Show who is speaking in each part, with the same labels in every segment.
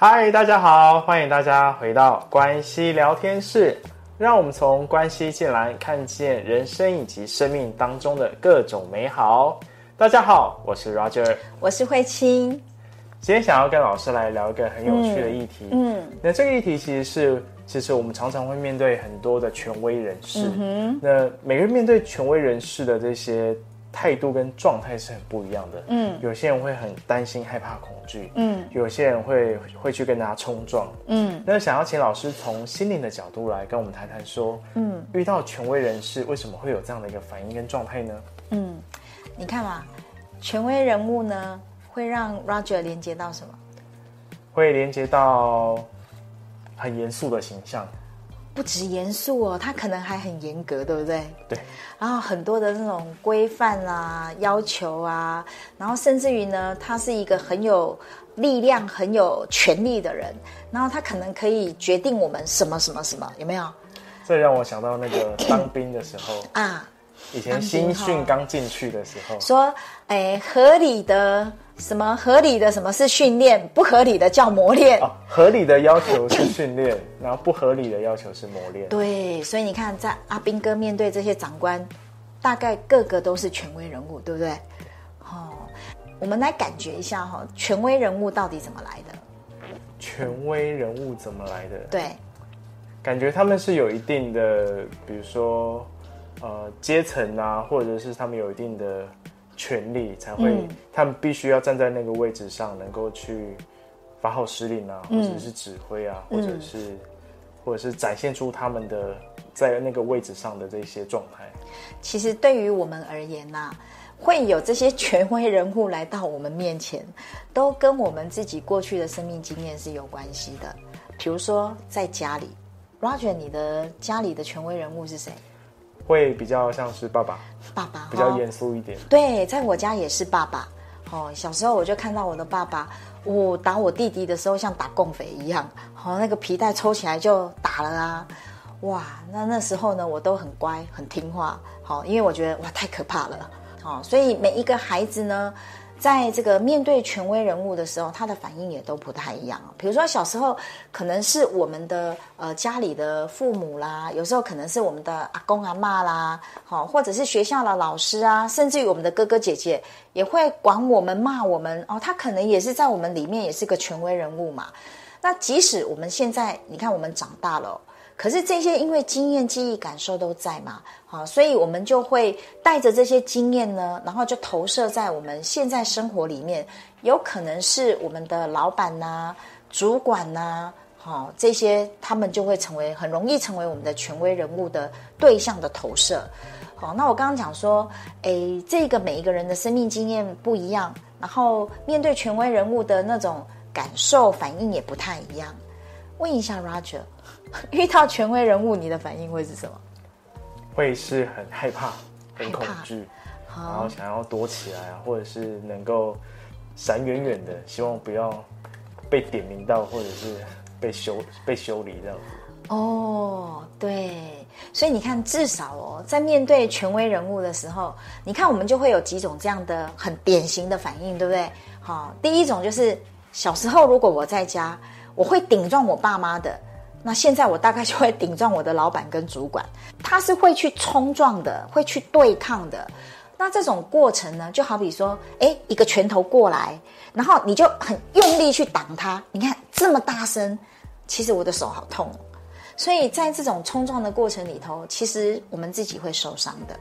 Speaker 1: 嗨，大家好，歡迎大家回到關係聊天室，讓我們從關係進來，看見人生以及生命當中的各種美好。大家好，我是 Roger，我是慧卿，今天想要跟老師來聊一個很有趣的議題嗯。嗯，那這個議題其實是，其實我們常常會面對很多的權威人士。嗯，那每個人面對權威人士的這些。態度跟狀態是很不一樣的。嗯，有些人會很擔心、害怕、恐懼。嗯，有些人會會去跟大家衝撞。嗯，那想要請老師從心靈的角度來跟我們談談，說，嗯，遇到權威人士為什麼會有這樣的一個反應跟狀態呢？嗯，
Speaker 2: 你看嘛，權威人物呢，會讓 Roger 連接到什麼？
Speaker 1: 會連接到很嚴肅的形象。
Speaker 2: 不只嚴肅哦，他可能還很嚴格，對不對？
Speaker 1: 對。
Speaker 2: 然後很多的那種規範啊、要求啊，然後甚至於呢，他是一個很有力量、很有權力的人，然後他可能可以決定我們什麼什麼什麼，有沒有？
Speaker 1: 這讓我想到那個當兵的時候 啊，以前新訓剛進去的時候，
Speaker 2: 說，哎，合理的。什麼合理的什麼是訓練，不合理的叫磨練啊。
Speaker 1: 合理的要求是訓練咳咳，然後不合理的要求是磨練。
Speaker 2: 對，所以你看，在阿兵哥面對這些長官，大概個個都是權威人物，對不對？哦，我們來感覺一下哈，權威人物到底怎麼來的？
Speaker 1: 權威人物怎麼來的？對，感覺他們是有一定的，比如說，呃，階層啊，或者是他們有一定的。權力才會，他們必須要站在那個位置上，能夠去發號施令啊，或者是指揮啊，或者是或者是展現出他們的在那個位置上的這些狀態，嗯嗯嗯。
Speaker 2: 其實對於我們而言呢，啊，會有這些權威人物來到我們面前，都跟我們自己過去的生命經驗是有關係的。比如說在家裡，Roger，你的家裡的權威人物是誰？
Speaker 1: 會比較像是爸爸。
Speaker 2: 爸爸比較嚴肅一點，哦，對，在我家也是爸爸。哦，小時候我就看到我的爸爸，我打我弟弟的時候像打共匪一樣，好，哦，那個皮帶抽起來就打了啊！哇，那那時候呢，我都很乖很聽話，好，哦，因為我覺得哇太可怕了，哦，所以每一個孩子呢。在這個面對權威人物的時候，他的反應也都不太一樣。比如說小時候，可能是我們的呃家裡的父母啦，有時候可能是我們的阿公阿嬤啦，好、哦，或者是學校的老師啊，甚至於我們的哥哥姐姐也會管我們罵我們哦。他可能也是在我們裡面也是個權威人物嘛。那即使我們現在，你看我們長大了。可是這些因為經驗、記憶、感受都在嘛，好，所以我們就會帶着這些經驗呢，然後就投射在我們現在生活裡面，有可能是我們的老闆吶、啊、主管吶、啊，好，這些他們就會成為很容易成為我們的權威人物的對象的投射。好，那我剛剛講說，哎，這個每一個人的生命經驗不一樣，然後面對權威人物的那種感受反應也不太一樣。問一下 Roger，遇到權威人物，你的反應會是什麼？
Speaker 1: 會是很害怕、很恐懼，然後想要躲起來，或者是能夠閃遠遠的，希望不要被點名到，或者是被修被修理掉。
Speaker 2: 哦，對，所以你看，至少哦，在面對權威人物的時候，你看我們就會有幾種這樣的很典型的反應，對不對？好，哦，第一種就是小時候，如果我在家。我會頂撞我爸媽的，那現在我大概就會頂撞我的老闆跟主管，他是會去衝撞的，會去對抗的。那這種過程呢，就好比說，誒，一個拳頭過來，然後你就很用力去擋他。你看這麼大聲，其實我的手好痛哦。所以在這種衝撞的過程裡頭，其實我們自己會受傷的。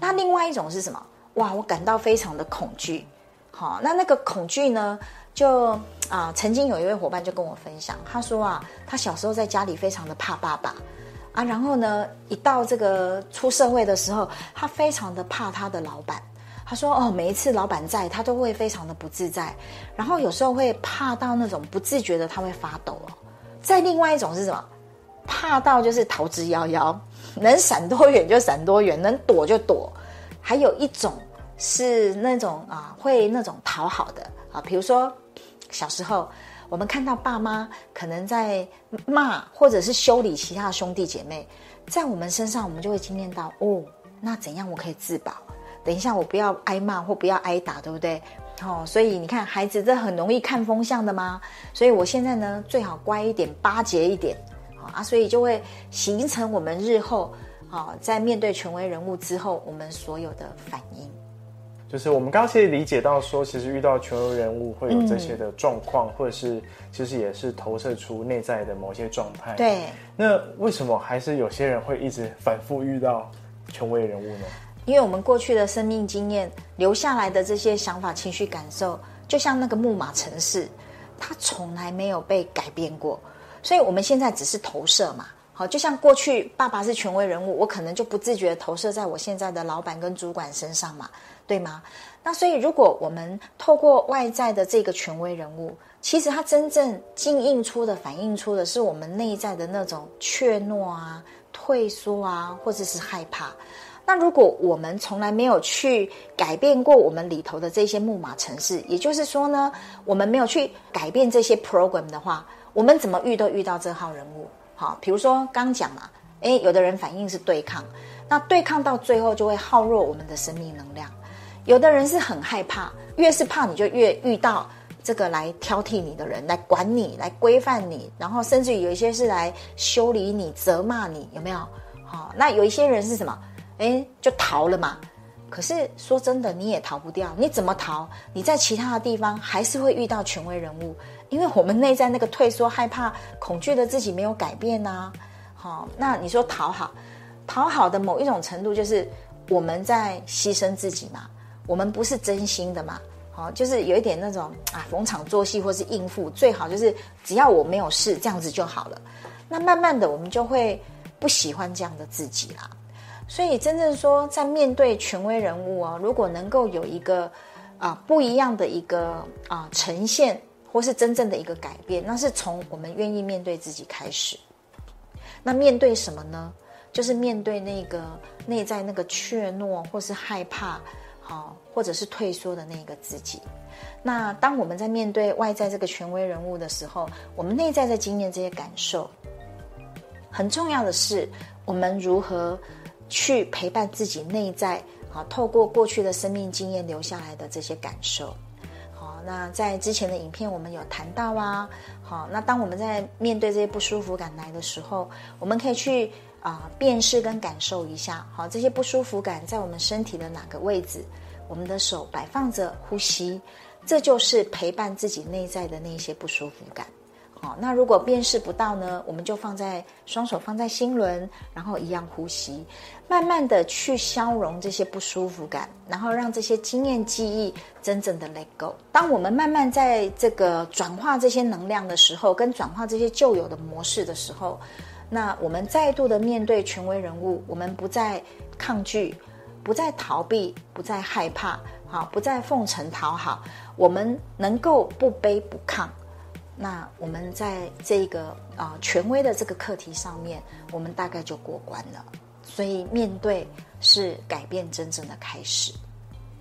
Speaker 2: 那另外一種是什麼？哇，我感到非常的恐懼。好，那那個恐懼呢，就啊，曾經有一位夥伴就跟我分享，他說啊，他小時候在家裡非常的怕爸爸，啊，然後呢，一到這個出社會的時候，他非常的怕他的老板。他說哦，每一次老板在，他都會非常的不自在，然後有時候會怕到那種不自覺的他會發抖哦。再另外一種是什麼？怕到就是逃之夭夭，能閃多遠就閃多遠，能躲就躲。還有一種。是那種啊，會那種討好的啊。比如說，小時候我們看到爸媽可能在罵，或者是修理其他兄弟姐妹，在我們身上，我們就會經驗到哦，那怎樣我可以自保？等一下我不要挨罵或不要挨打，對不對？哦，所以你看孩子這很容易看風向的嘛。所以我現在呢，最好乖一點，巴結一點啊，所以就會形成我們日後啊，在面對權威人物之後，我們所有的反應。
Speaker 1: 就是我們剛剛其實理解到說，其實遇到權威人物會有這些的狀況、嗯，或者是其實也是投射出內在的某些狀態。對，那為什麼還是有些人會一直反覆遇到權威人物呢？
Speaker 2: 因為我們過去的生命經驗留下來的這些想法、情緒、感受，就像那個木馬程式，它從來沒有被改變過，所以我們現在只是投射嘛。好，就像過去爸爸是權威人物，我可能就不自覺投射在我現在的老闆跟主管身上嘛，對嗎？那所以如果我們透過外在的這個權威人物，其實他真正鏡映出的、反映出的，是我們內在的那種怯懦啊、退縮啊，或者是害怕。那如果我們從來沒有去改變過我們裡頭的這些木馬程式，也就是說呢，我們沒有去改變這些 program 的話，我們怎麼遇都遇到這號人物。好，比如說剛講嘛，誒，有的人反應是對抗，那對抗到最後就會耗弱我們的生命能量。有的人是很害怕，越是怕你就越遇到這個來挑剔你的人，來管你，來規範你，然後甚至於有一些是來修理你、責罵你，有沒有？好，那有一些人是什麼？哎，就逃了嘛。可是說真的，你也逃不掉，你怎麼逃？你在其他的地方還是會遇到權威人物。因為我們內在那個退縮、害怕、恐懼的自己沒有改變吶、啊,好,那你說討好,討好的某一種程度就是我們在犧牲自己嘛，我們不是真心的嘛,好,就是有一點那種啊逢場作戲或是應付,最好就是只要我沒有事這樣子就好了。那慢慢的我們就會不喜歡這樣的自己啦。所以真正說在面對權威人物哦、啊,如果能夠有一個啊不一樣的一個啊呈現。或是真正的一個改變，那是從我們願意面對自己開始。那面對什麼呢？就是面對那個內在那個怯懦，或是害怕，好、啊，或者是退縮的那個自己。那當我們在面對外在這個權威人物的時候，我們內在在經驗這些感受。很重要的是，我們如何去陪伴自己內在啊，透過過去的生命經驗留下來的這些感受。那在之前的影片，我們有談到啊，好，那當我們在面對這些不舒服感來的時候，我們可以去啊、呃、辨識跟感受一下，好，這些不舒服感在我們身體的哪個位置，我們的手擺放着呼吸，這就是陪伴自己內在的那些不舒服感。好，那如果辨識不到呢？我們就放在雙手放在心輪，然後一樣呼吸，慢慢的去消融這些不舒服感，然後讓這些經驗記憶真正的 let go。當我們慢慢在這個轉化這些能量的時候，跟轉化這些舊有的模式的時候，那我們再度的面對權威人物，我們不再抗拒，不再逃避，不再害怕，好，不再奉承討好，我們能夠不卑不亢。那我們在這個啊、呃、權威的這個課題上面，我們大概就過關了。所以面對是改變真正的開始，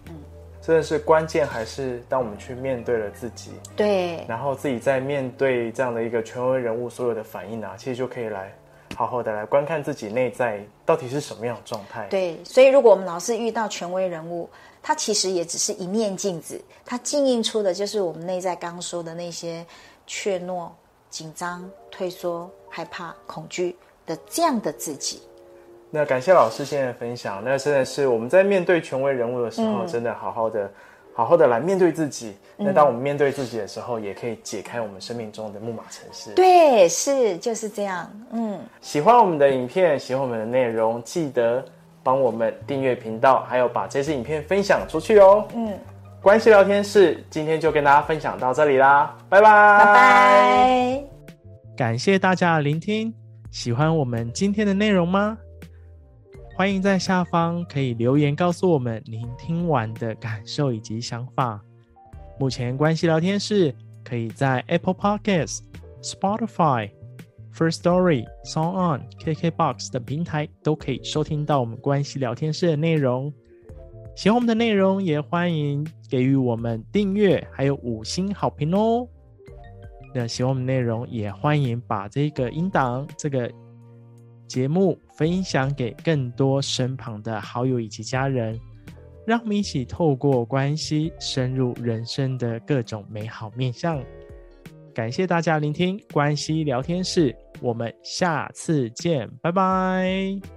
Speaker 2: 嗯，
Speaker 1: 真的是關鍵還是當我們去面對了自己，對，然後自己在面對這樣的一個權威人物所有的反應呢、啊，其實就可以來好好的來觀看自己內在到底是什麼樣的狀態。
Speaker 2: 對，所以如果我們老是遇到權威人物，他其實也只是一面鏡子，他鏡映出的就是我們內在剛說的那些，怯懦、緊張、退縮、害怕、恐懼的這樣的自己。
Speaker 1: 那感謝老師現在的分享，那真的是我們在面對權威人物的時候，真的好好的、嗯、好好的來面對自己、嗯。那當我們面對自己的時候，也可以解開我們生命中的木馬程式。對，
Speaker 2: 是就是這樣。嗯，
Speaker 1: 喜歡我們的影片，喜歡我們的內容，記得幫我們訂閱頻道，還有把這支影片分享出去哦。嗯。關係聊天室今天就跟大家分享到這裡啦，拜拜拜拜！感謝大家的聆聽，喜歡我們今天的內容嗎？歡迎在下方可以留言告訴我們您聽完的感受以及想法。目前關係聊天室可以在 Apple Podcast、Spotify、First Story、Song On、KK Box 等平台都可以收聽到我們關係聊天室的內容。喜歡我們的內容，也歡迎給予我們訂閱，還有五星好評哦。那喜歡我們的內容，也歡迎把這個音檔、這個節目分享給更多身旁的好友以及家人，讓我們一起透過關係深入人生的各種美好面向。感謝大家的聆聽《關係聊天室》，我們下次見，拜拜。